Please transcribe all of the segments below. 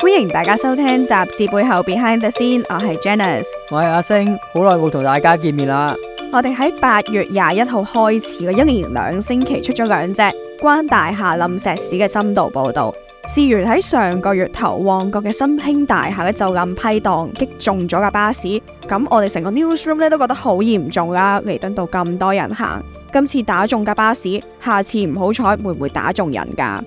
歡迎大家收聽《集誌背後 Behind scene》先，我係 Janice，我係阿星，好耐冇同大家見面啦。我哋喺八月廿一號開始嘅一連兩星期出咗兩隻關大廈、冧石屎嘅深度報道。事緣喺上個月頭，旺角嘅新興大廈咧就咁批盪擊中咗架巴士，咁我哋成個 newsroom 咧都覺得好嚴重啦。彌敦道咁多人行，今次打中架巴士，下次唔好彩會唔會打中人噶？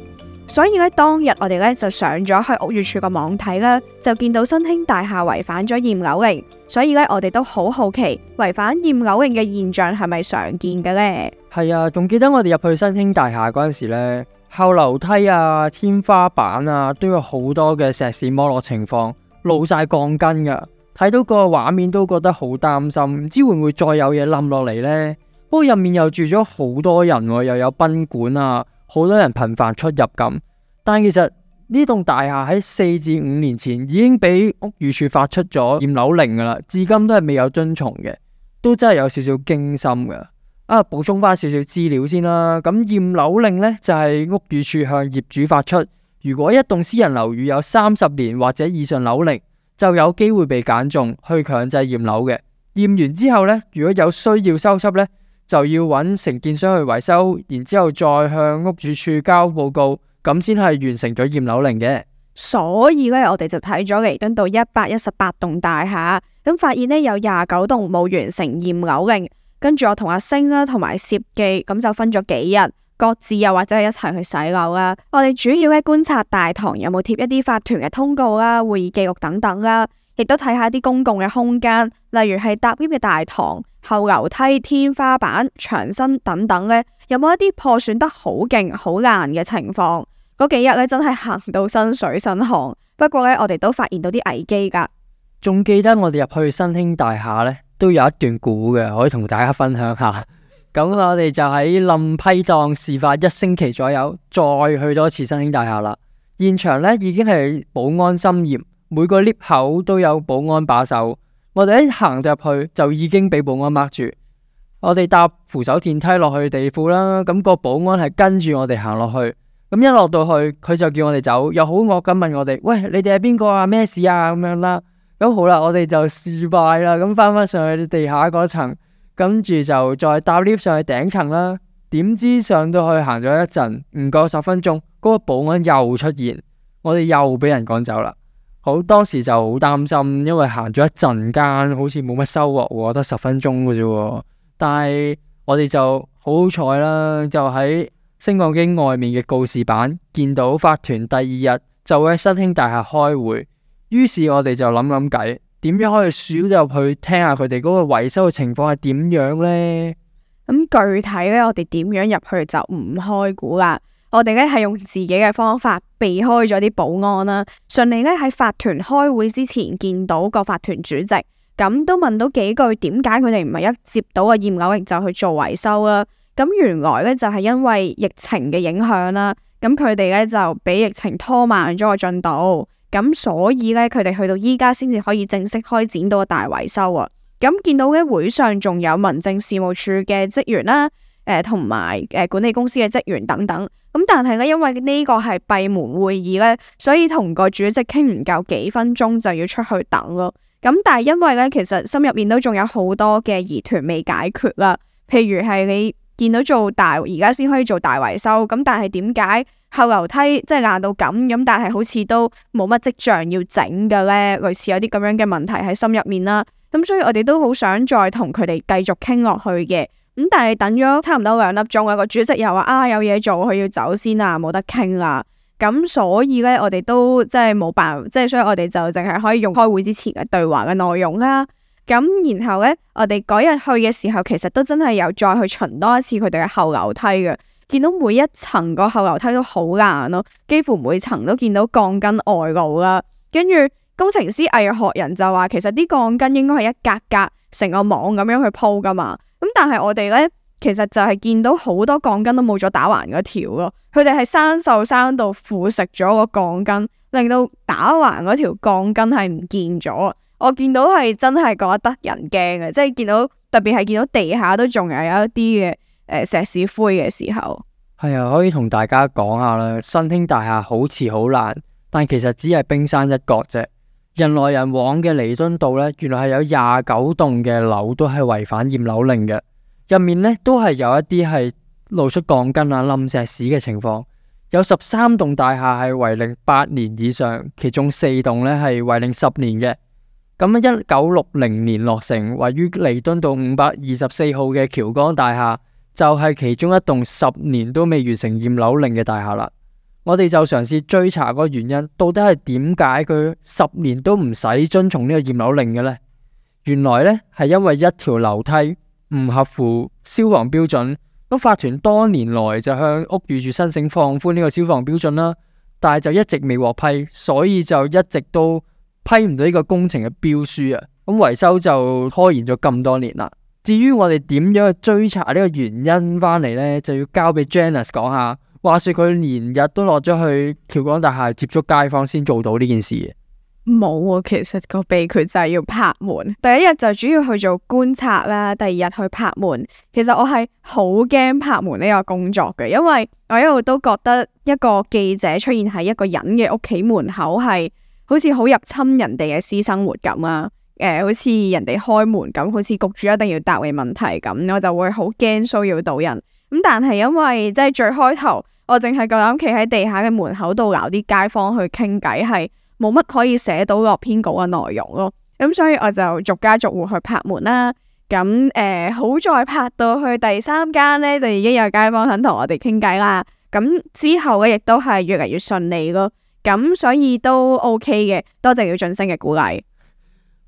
所以咧，當日我哋咧就上咗去屋宇處個網睇啦，就見到新興大廈違反咗驗樓令。所以咧，我哋都好好奇違反驗樓令嘅現象係咪常見嘅呢？係啊，仲記得我哋入去新興大廈嗰陣時咧，後樓梯啊、天花板啊都有好多嘅石屎剝落情況，露晒鋼筋噶。睇到個畫面都覺得好擔心，唔知會唔會再有嘢冧落嚟呢？不過入面又住咗好多人啊，又有賓館啊，好多人頻繁出入咁。但其實呢棟大廈喺四至五年前已經俾屋宇處發出咗驗樓令噶啦，至今都係未有遵從嘅，都真係有少少驚心嘅。啊，補充翻少少資料先啦。咁驗樓令呢，就係屋宇處向業主發出，如果一棟私人樓宇有三十年或者以上樓齡，就有機會被揀中去強制驗樓嘅。驗完之後呢，如果有需要修葺呢，就要揾承建商去維修，然之後再向屋宇處交報告。咁先係完成咗驗樓令嘅，所以咧我哋就睇咗彌敦道一百一十八棟大廈，咁發現咧有廿九棟冇完成驗樓令。跟住我同阿星啦，同埋攝記咁就分咗幾日，各自又或者係一齊去洗樓啦。我哋主要咧觀察大堂有冇貼一啲法團嘅通告啦、會議記錄等等啦,亦都睇下啲公共嘅空間，例如係搭 lift 嘅大堂、後樓梯、天花板、牆身等等咧，有冇一啲破損得好勁、好爛嘅情況？嗰幾日咧，真係行到身水身汗。不過咧，我哋都發現到啲危機噶。仲記得我哋入去新興大廈咧，都有一段古嘅，可以同大家分享下。咁 我哋就喺冧批盪事發一星期左右，再去多次新興大廈啦。現場咧已經係保安森嚴，每個 lift 口都有保安把守。我哋一行入去就已經俾保安握住。我哋搭扶手電梯落去地庫啦，咁、個保安係跟住我哋行落去。咁一落到去，佢就叫我哋走，又好惡咁問我哋：喂，你哋係邊個啊？咩事啊？咁樣啦。咁好啦，我哋就失敗啦。咁翻翻上去地下嗰層，跟住就再搭 lift 上去頂層啦。點知上到去行咗一陣，唔夠十分鐘，嗰個保安又出現，我哋又俾人趕走啦。好，當時就好擔心，因為行咗一陣間，好似冇乜收穫喎，得十分鐘嘅啫。但係我哋就好彩啦，就喺。升降機外面嘅告示板見到法團第二日就會喺新興大廈開會，於是我哋就諗諗計，點樣可以少入去聽下佢哋嗰個維修嘅情況係點樣呢？咁具體呢，我哋點樣入去就唔開估啦。我哋呢係用自己嘅方法避開咗啲保安啦、啊，順利呢喺法團開會之前見到個法團主席，咁都問到幾句，點解佢哋唔係一接到個驗樓令就去做維修啊？咁原來咧就係因為疫情嘅影響啦，咁佢哋咧就俾疫情拖慢咗個進度，咁所以咧佢哋去到依家先至可以正式開展到個大維修啊。咁見到咧會上仲有民政事務處嘅職員啦，誒同埋誒管理公司嘅職員等等。咁但係咧因為呢個係閉門會議咧，所以同個主席傾唔夠幾分鐘就要出去等咯。咁但係因為咧其實心入面都仲有好多嘅疑團未解決啦，譬如係你。見到做大，而家先可以做大維修。咁但係點解後樓梯即係爛到咁？咁但係好似都冇乜跡象要整嘅咧。類似有啲咁樣嘅問題喺心入面啦。咁、嗯、所以我哋都好想再同佢哋繼續傾落去嘅。咁、嗯、但係等咗差唔多兩粒鐘，有個主席又話啊，有嘢做，佢要先走先啊，冇得傾啦。咁、嗯、所以咧，我哋都即係冇辦，即係所以我哋就淨係可以用開會之前嘅對話嘅內容啦。咁然後呢，我哋嗰日去嘅時候，其實都真係有再去巡多一次佢哋嘅後樓梯嘅，見到每一層個後樓梯都好爛咯，幾乎每層都見到鋼筋外露啦。跟住工程師、藝學人就話，其實啲鋼筋應該係一格格成個網咁樣去鋪噶嘛。咁但係我哋呢，其實就係見到好多鋼筋都冇咗打橫嗰條咯，佢哋係生鏽生到腐蝕咗個鋼筋，令到打橫嗰條鋼筋係唔見咗。我見到係真係覺得得人驚嘅，即係見到特別係見到地下都仲有一啲嘅誒石屎灰嘅時候，係啊，可以同大家講下啦。新興大廈好似好爛，但其實只係冰山一角啫。人來人往嘅彌敦道呢，原來係有廿九棟嘅樓都係違反驗樓令嘅，入面呢，都係有一啲係露出鋼筋啊、冧石屎嘅情況。有十三棟大廈係違令八年以上，其中四棟呢係違令十年嘅。咁一九六零年落成，位於彌敦道五百二十四號嘅僑光大廈，就係、是、其中一棟十年都未完成驗樓令嘅大廈啦。我哋就嘗試追查嗰個原因，到底係點解佢十年都唔使遵從呢個驗樓令嘅呢？原來呢，係因為一條樓梯唔合乎消防標準，咁法團多年來就向屋宇署申請放寬呢個消防標準啦，但係就一直未獲批，所以就一直都。批唔到呢個工程嘅標書啊，咁維修就拖延咗咁多年啦。至於我哋點樣去追查呢個原因翻嚟呢，就要交俾 Janice 講下。話說佢連日都落咗去橋港大廈接觸街坊，先做到呢件事。冇啊，其實個秘訣就係要拍門。第一日就主要去做觀察啦，第二日去拍門。其實我係好驚拍門呢個工作嘅，因為我一路都覺得一個記者出現喺一個人嘅屋企門口係。好似好入侵人哋嘅私生活咁啊！誒、呃，好似人哋開門咁，好似焗住一定要答你問題咁，我就會好驚騷擾到人。咁但係因為即係最開頭，我淨係夠膽企喺地下嘅門口度鬧啲街坊去傾偈，係冇乜可以寫到個篇稿嘅內容咯。咁、嗯、所以我就逐家逐戶去拍門啦。咁、嗯、誒、嗯，好在拍到去第三間咧，就已經有街坊肯同我哋傾偈啦。咁、嗯、之後咧，亦都係越嚟越順利咯。咁所以都 OK 嘅，多謝要俊星嘅鼓勵。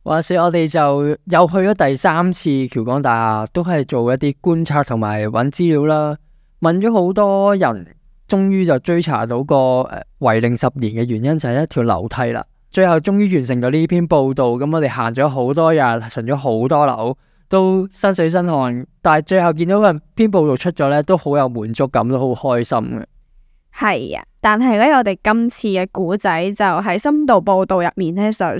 話說，我哋就又去咗第三次橋港大廈，都係做一啲觀察同埋揾資料啦。問咗好多人，終於就追查到個違令、呃、十年嘅原因就係、是、一條樓梯啦。最後終於完成咗呢篇報道，咁我哋行咗好多日，巡咗好多樓，都身水身汗，但係最後見到份篇報道出咗呢，都好有滿足感，都好開心嘅。係啊，但係咧，我哋今次嘅古仔就喺深度報道入面咧，就算少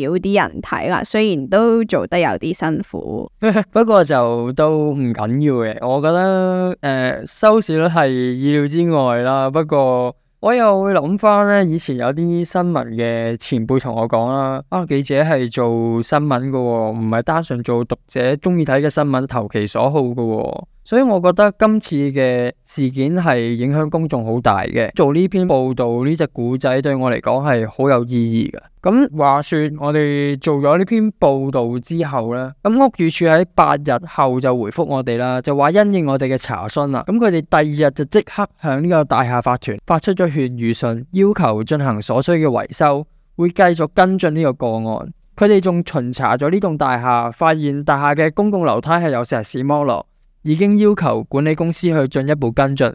啲人睇啦。雖然都做得有啲辛苦， 不過就都唔緊要嘅。我覺得誒、呃，收視率係意料之外啦。不過我又會諗返咧，以前有啲新聞嘅前輩同我講啦，啊，記者係做新聞噶、哦，唔係單純做讀者中意睇嘅新聞，投其所好噶、哦。所以我覺得今次嘅事件係影響公眾好大嘅，做呢篇報道呢隻古仔對我嚟講係好有意義嘅。咁話說，我哋做咗呢篇報道之後呢，咁屋宇署喺八日後就回覆我哋啦，就話因應我哋嘅查詢啦，咁佢哋第二日就即刻向呢個大廈法團發出咗勸諭信，要求進行所需嘅維修，會繼續跟進呢個個案。佢哋仲巡查咗呢棟大廈，發現大廈嘅公共樓梯係有石屎剝落。已經要求管理公司去進一步跟進，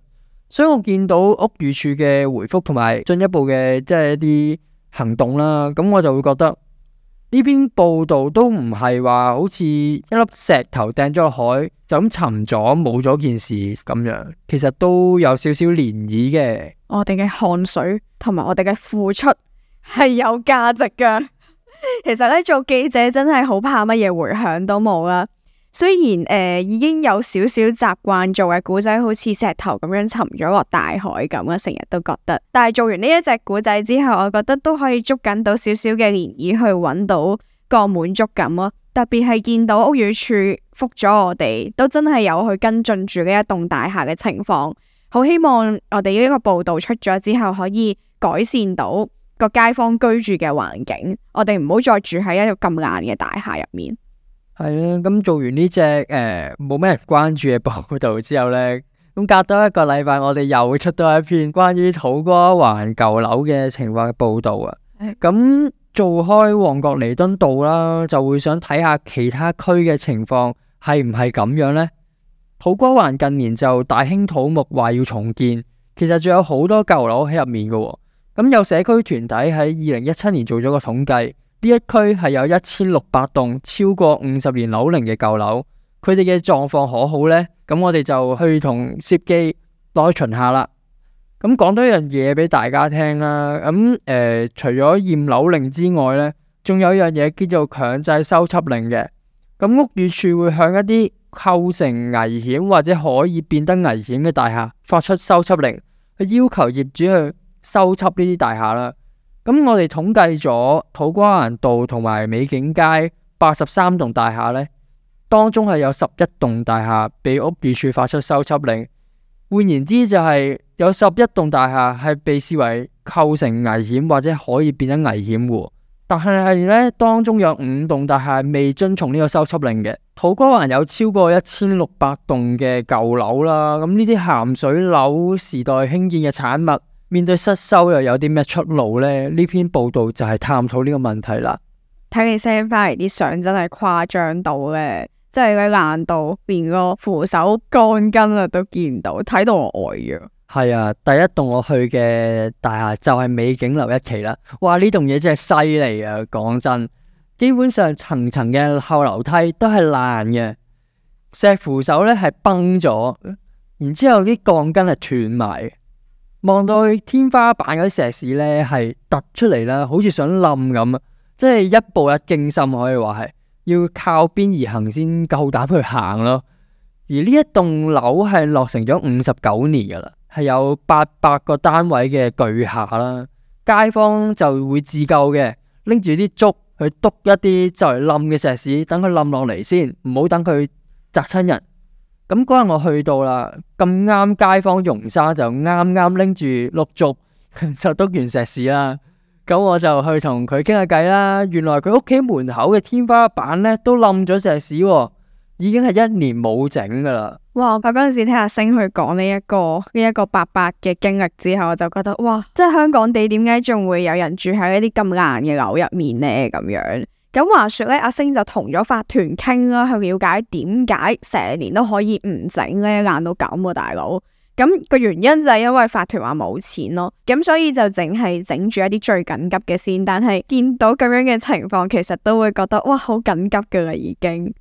所以我見到屋宇署嘅回覆同埋進一步嘅即係一啲行動啦，咁我就會覺得呢篇報道都唔係話好似一粒石頭掟咗落海就咁沉咗冇咗件事咁樣，其實都有少少漣漪嘅。我哋嘅汗水同埋我哋嘅付出係有價值㗎。 其實咧做記者真係好怕乜嘢回響都冇呀。雖然誒、呃、已經有少少習慣做嘅古仔，好似石頭咁樣沉咗落大海咁啊，成日都覺得。但係做完呢一隻古仔之後，我覺得都可以捉緊到少少嘅漣漪去揾到個滿足感咯、哦。特別係見到屋宇署覆咗我哋，都真係有去跟進住呢一棟大廈嘅情況。好希望我哋呢一個報道出咗之後，可以改善到個街坊居住嘅環境。我哋唔好再住喺一個咁硬嘅大廈入面。係啦，咁、嗯、做完呢隻誒冇咩人關注嘅報道之後呢，咁隔多一個禮拜，我哋又會出多一篇關於土瓜灣舊樓嘅情況嘅報道啊。咁、嗯、做開旺角彌敦道啦，就會想睇下其他區嘅情況係唔係咁樣呢？土瓜灣近年就大興土木，話要重建，其實仲有好多舊樓喺入面嘅、哦。咁、嗯、有社區團體喺二零一七年做咗個統計。呢一區係有一千六百棟超過五十年樓齡嘅舊樓，佢哋嘅狀況可好呢？咁我哋就去同攝記多巡下啦。咁講多一樣嘢俾大家聽啦。咁誒，除咗驗樓令之外呢，仲有樣嘢叫做強制修葺令嘅。咁屋宇署會向一啲構成危險或者可以變得危險嘅大廈發出修葺令，去要求業主去修葺呢啲大廈啦。咁我哋統計咗土瓜灣道同埋美景街八十三棟大廈呢，當中係有十一棟大廈被屋宇署發出修葺令，換言之就係有十一棟大廈係被視為構成危險或者可以變得危險嘅。但係係呢，當中有五棟大廈未遵從呢個修葺令嘅。土瓜灣有超過一千六百棟嘅舊樓啦，咁呢啲鹹水樓時代興建嘅產物。面對失修，又有啲咩出路呢？呢篇報道就係探討呢個問題啦。睇你 send 翻嚟啲相真係誇張到咧，即係佢爛到連個扶手鋼筋啊都見唔到，睇到我呆咗。係啊，第一棟我去嘅大廈就係美景樓一期啦。哇，呢棟嘢真係犀利啊！講真，基本上層層嘅後樓梯都係爛嘅，石扶手咧係崩咗，然之後啲鋼筋係斷埋。望到去天花板嗰啲石屎咧，係突出嚟啦，好似想冧咁啊！即係一步一驚心，可以話係要靠邊而行先夠膽去行咯。而呢一棟樓係落成咗五十九年噶啦，係有八百個單位嘅巨廈啦。街坊就會自救嘅，拎住啲竹去篤一啲就嚟冧嘅石屎，等佢冧落嚟先，唔好等佢砸親人。咁嗰日我去到啦，咁啱街坊容生就啱啱拎住碌竹就篤完石屎啦，咁我就去同佢傾下偈啦。原來佢屋企門口嘅天花板咧都冧咗石屎，已經係一年冇整噶啦。哇！我嗰陣時聽阿星去講呢、這、一個呢一、這個伯伯嘅經歷之後，我就覺得哇，即係香港地點解仲會有人住喺一啲咁硬嘅樓入面呢？」咁樣。咁話說咧，阿星就同咗法團傾啦，去了解點解成年都可以唔整咧，爛到咁啊，大佬。咁、那個原因就係因為法團話冇錢咯，咁所以就淨係整住一啲最緊急嘅先。但係見到咁樣嘅情況，其實都會覺得哇，好緊急嘅啦，已經。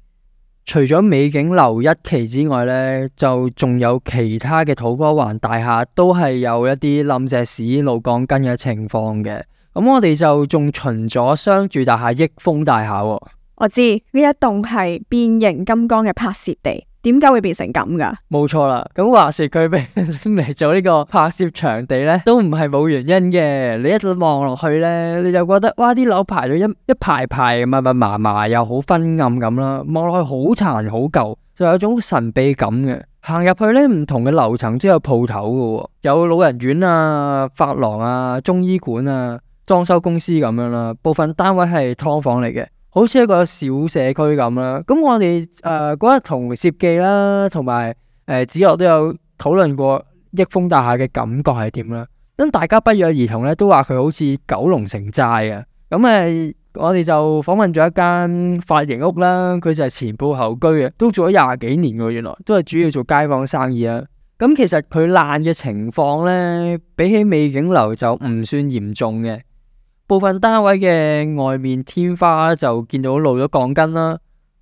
除咗美景樓一期之外呢，就仲有其他嘅土瓜灣大廈都係有一啲冧石屎、露鋼筋嘅情況嘅。咁我哋就仲巡咗商住大廈、益豐大廈。哦。我知呢一棟係變形金剛嘅拍攝地，點解會變成咁噶？冇錯啦。咁話說佢俾嚟做呢個拍攝場地呢，都唔係冇原因嘅。你一望落去呢，你就覺得哇，啲樓排咗一一排排，密密麻麻，又好昏暗咁啦。望落去好殘好舊，就有一種神秘感嘅。行入去呢，唔同嘅樓層都有鋪頭噶，有老人院啊、髮廊啊、中醫館啊。裝修公司咁樣啦，部分單位係㓥房嚟嘅，好似一個小社區咁，呃、啦。咁我哋誒嗰日同攝記啦，同埋誒子樂都有討論過益豐大廈嘅感覺係點啦。咁大家不約而同咧，都話佢好似九龍城寨啊。咁誒，我哋就訪問咗一間髮型屋啦，佢就係前鋪後居嘅，都做咗廿幾年噶，原來都係主要做街坊生意啊。咁其實佢爛嘅情況咧，比起美景樓就唔算嚴重嘅。部分單位嘅外面天花就見到露咗鋼筋啦，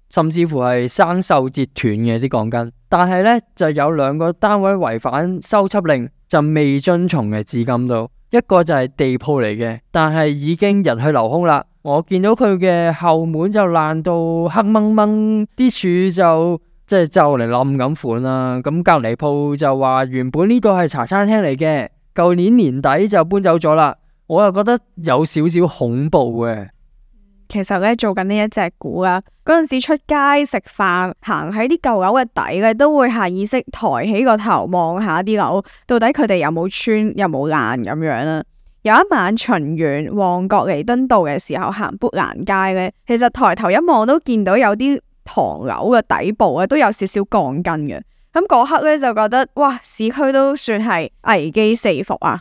甚至乎係生鏽折斷嘅啲鋼筋。但係呢，就有兩個單位違反修葺令就未遵從嘅至今都。一個就係地鋪嚟嘅，但係已經人去樓空啦。我見到佢嘅後門就爛到黑掹掹，啲柱，就即係就嚟冧咁款啦。咁隔籬鋪就話原本呢個係茶餐廳嚟嘅，舊年年底就搬走咗啦。我又覺得有少少恐怖嘅。其實咧，做緊呢一隻故啊，嗰陣時出街食飯，行喺啲舊樓嘅底咧，都會下意識抬起個頭望下啲樓，到底佢哋有冇穿，有冇爛咁樣啦。有一晚巡完旺角彌敦道嘅時候，行砵蘭街咧，其實抬頭一望都見到有啲唐樓嘅底部咧都有少少鋼筋嘅。咁嗰刻咧就覺得，哇！市區都算係危機四伏啊！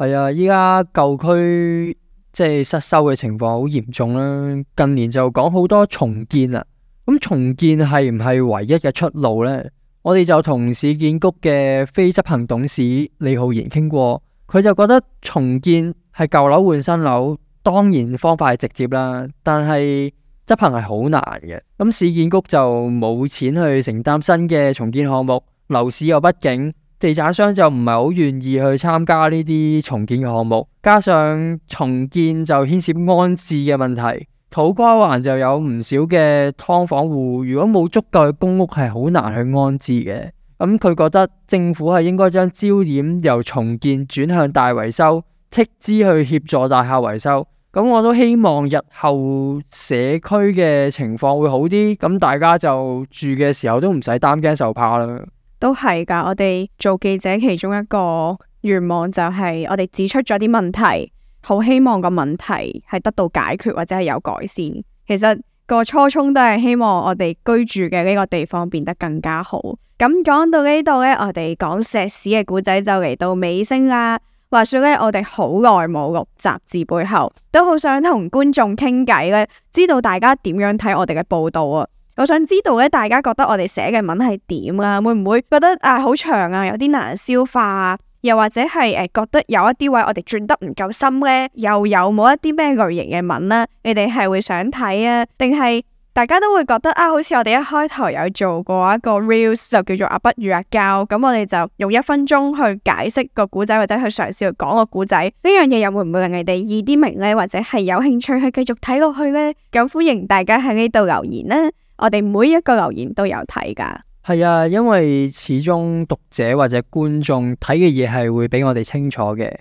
係啊，依家舊區即係失修嘅情況好嚴重啦。近年就講好多重建啦。咁重建係唔係唯一嘅出路呢？我哋就同市建局嘅非執行董事李浩然傾過，佢就覺得重建係舊樓換新樓，當然方法係直接啦。但係執行係好難嘅。咁市建局就冇錢去承擔新嘅重建項目，樓市又不景……地產商就唔係好願意去參加呢啲重建嘅項目，加上重建就牽涉安置嘅問題。土瓜灣就有唔少嘅劏房戶，如果冇足夠嘅公屋，係好難去安置嘅。咁、嗯、佢覺得政府係應該將焦點由重建轉向大維修，斥資去協助大廈維修。咁、嗯、我都希望日後社區嘅情況會好啲，咁、嗯、大家就住嘅時候都唔使擔驚受怕啦。都係噶，我哋做記者其中一個願望就係，我哋指出咗啲問題，好希望這個問題係得到解決或者係有改善。其實個初衷都係希望我哋居住嘅呢個地方變得更加好。咁講到呢度呢，我哋講石屎嘅故仔就嚟到尾聲啦。話說呢，我哋好耐冇錄集誌背後，都好想同觀眾傾偈咧，知道大家點樣睇我哋嘅報道啊！我想知道咧，大家覺得我哋寫嘅文係點啊？會唔會覺得啊好長啊，有啲難消化啊？又或者係誒、呃、覺得有一啲位我哋轉得唔夠深呢？又有冇一啲咩類型嘅文呢？你哋係會想睇啊？定係大家都會覺得啊？好似我哋一開頭有做過一個 reels 就叫做阿不與阿膠，咁我哋就用一分鐘去解釋個古仔或者去嘗試去講個古仔呢樣嘢，又會唔會令你哋易啲明呢？或者係有興趣去繼續睇落去呢？咁歡迎大家喺呢度留言啦、啊！我哋每一個留言都有睇㗎，係啊，因為始終讀者或者觀眾睇嘅嘢係會比我哋清楚嘅，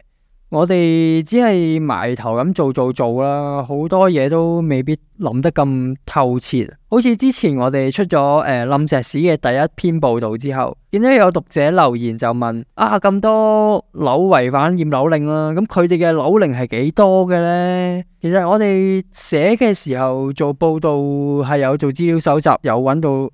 我哋只係埋頭咁做做做啦，好多嘢都未必諗得咁透徹。好似之前我哋出咗誒冧石屎嘅第一篇報導之後，見到有讀者留言就問：啊咁多樓違反驗樓令啦、啊，咁佢哋嘅樓齡係幾多嘅咧？其實我哋寫嘅時候做報導係有做資料搜集，有揾到誒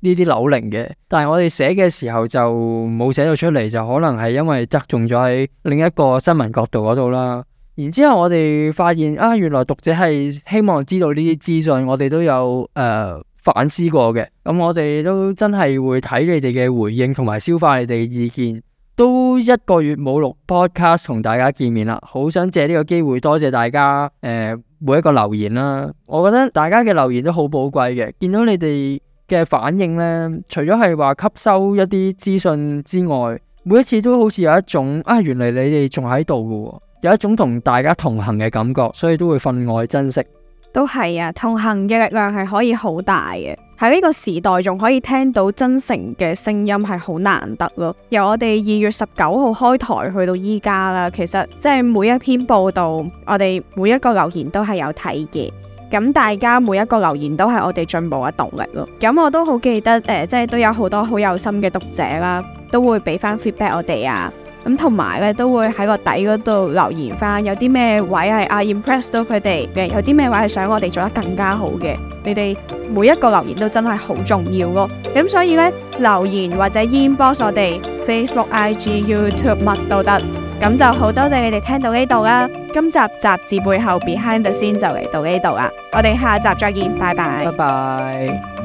呢啲樓齡嘅，但係我哋寫嘅時候就冇寫到出嚟，就可能係因為側重咗喺另一個新聞角度嗰度啦。然之後，我哋發現啊，原來讀者係希望知道呢啲資訊，我哋都有誒、呃、反思過嘅。咁、嗯、我哋都真係會睇你哋嘅回應同埋消化你哋嘅意見。都一個月冇錄 podcast 同大家見面啦，好想借呢個機會多謝大家誒、呃、每一個留言啦。我覺得大家嘅留言都好寶貴嘅。見到你哋嘅反應呢，除咗係話吸收一啲資訊之外，每一次都好似有一種啊，原來你哋仲喺度噶喎。有一種同大家同行嘅感覺，所以都會分外珍惜。都係啊，同行嘅力量係可以好大嘅。喺呢個時代，仲可以聽到真誠嘅聲音，係好難得咯。由我哋二月十九號開台去到依家啦，其實即係每一篇報道，我哋每一個留言都係有睇嘅。咁大家每一個留言都係我哋進步嘅動力咯。咁我都好記得，誒、呃，即係都有好多好有心嘅讀者啦，都會俾翻 feedback 我哋啊。咁同埋咧，都會喺個底嗰度留言返，有啲咩位係 I impressed 到佢哋嘅，有啲咩位係想我哋做得更加好嘅。你哋每一個留言都真係好重要咯。咁所以咧，留言或者 inbox 我哋 Facebook、IG、YouTube 乜都得。咁就好多謝你哋聽到呢度啦。今集《集誌背後》Behind the Scene 就嚟到呢度啦。我哋下集再見，拜拜。拜拜。